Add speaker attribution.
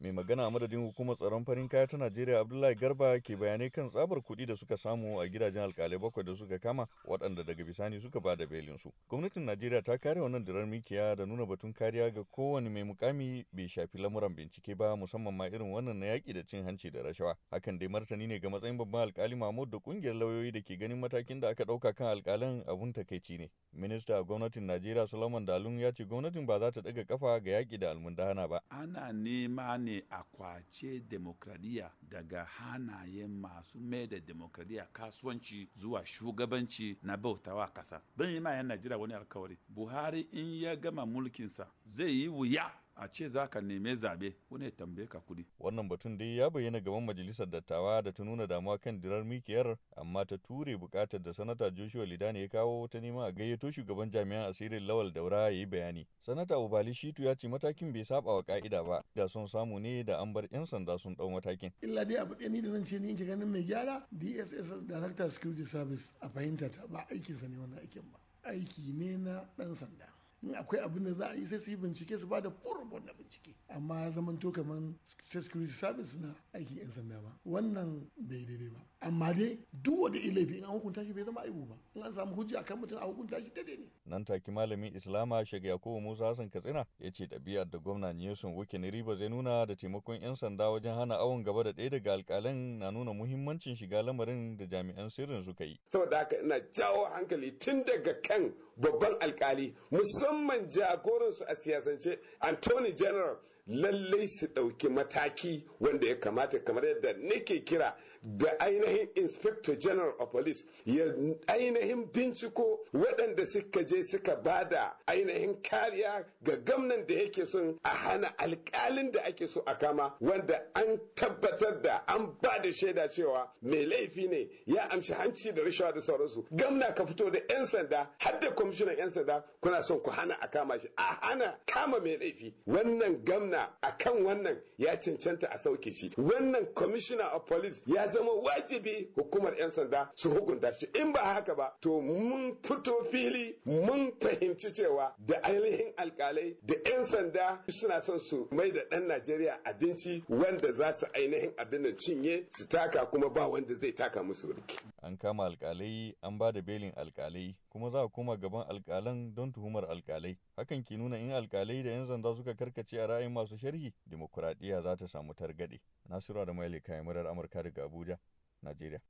Speaker 1: mai magana a madadin hukumar tsaron farin kaya ta najeriya abdullahi garba ke bayanai kan tsabar kuɗi da suka samu a gidajen alkalai bakwai da suka kama waɗanda daga bisani suka ba da belinsu gwamnatin najeriya ta kare wannan dirar mikiya da nuna batun kariya ga kowane mai mukami bai shafi lamuran bincike ba musamman ma irin wannan na yaƙi da cin hanci da rashawa hakan dai martani ne ga matsayin babban alkali mahmud da ƙungiyar lauyoyi da ke ganin matakin da aka ɗauka kan alkalan abun takaici ne Minista gwamnatin Najeriya Solomon Dalun ya ce gwamnatin ba za ta daga kafa ga yaƙi da almundana ba. Ana nema ne a
Speaker 2: kwace demokradiyya daga hanayen masu mai da demokradiyya kasuwanci zuwa shugabanci na bautawa kasa. Don yi ma yan Najeriya wani alkawari. Buhari in
Speaker 1: ya gama mulkinsa zai yi wuya a ce za ka neme zabe wani ya tambaye ka kudi. Wannan batun dai ya bayyana gaban majalisar dattawa da ta nuna damuwa kan dirar mikiyar amma ta ture bukatar da sanata Joshua lidani ya kawo ta neman a gayyato shugaban jami'an asirin Lawal Daura ya yi bayani. Sanata Ubali Shitu ya ce matakin bai saba wa ka'ida ba da sun samu ne da an bar 'yan sanda sun dau matakin. Illa dai abu
Speaker 3: ɗaya ni da nan ce ni yake ganin mai gyara DSS Director Security Service a fahimta ta ba aikinsa ne wannan aikin ba. Aiki ne na ɗan sanda. in akwai abin da za a yi sai su yi bincike su ba da furbon na bincike amma zaman zamanto kamar security service na aikin 'yan sanda ba wannan bai daidai ba amma dai duk wanda ya laifi in an hukunta shi bai zama aibu ba in an samu hujja kan mutum a hukunta shi daidai ne
Speaker 1: nan take malamin islama shek yakubu musa hassan katsina ya ce ɗabi'ar da gwamna nyesun wuke riba zai nuna da taimakon yan sanda wajen hana awon gaba da ɗaya daga alƙalin na nuna muhimmancin shiga lamarin da jami'an sirrin suka yi
Speaker 2: saboda haka ina jawo hankali tun daga kan babban alkali musamman jagoransu a siyasance anthony general lallai su ɗauki mataki wanda ya kamata kamar yadda nake kira da ainihin inspector general of police ya ainihin binciko waɗanda suka je suka ba da ainihin kariya ga gamnan da yake son a hana alƙalin da ake so a kama wanda an tabbatar da an ba da shaida cewa mai laifi ne ya amshi hanci da rashawa da sauransu gamna ka fito da 'yan sanda har da kwamishinan 'yan sanda kuna son ku hana a kama shi a hana kama mai laifi wannan gamna magana kan wannan ya cancanta a sauke shi wannan commissioner of police ya zama wajibi hukumar 'yan sanda su hukunta shi in ba haka ba to mun fito fili mun fahimci cewa da ainihin alkalai da 'yan sanda suna son su mai da ɗan najeriya abinci wanda za su ainihin abin da cinye su taka kuma ba wanda zai taka musu riki
Speaker 1: an kama alkalai an ba da belin alkalai kuma za a koma gaban alkalan don tuhumar alkalai hakan ke nuna in alkalai da 'yan zanda suka karkace a ra'ayin masu sharhi dimokuraɗiyya za ta samu targaɗe nasiru da maili kayan murar amurka daga abuja najeriya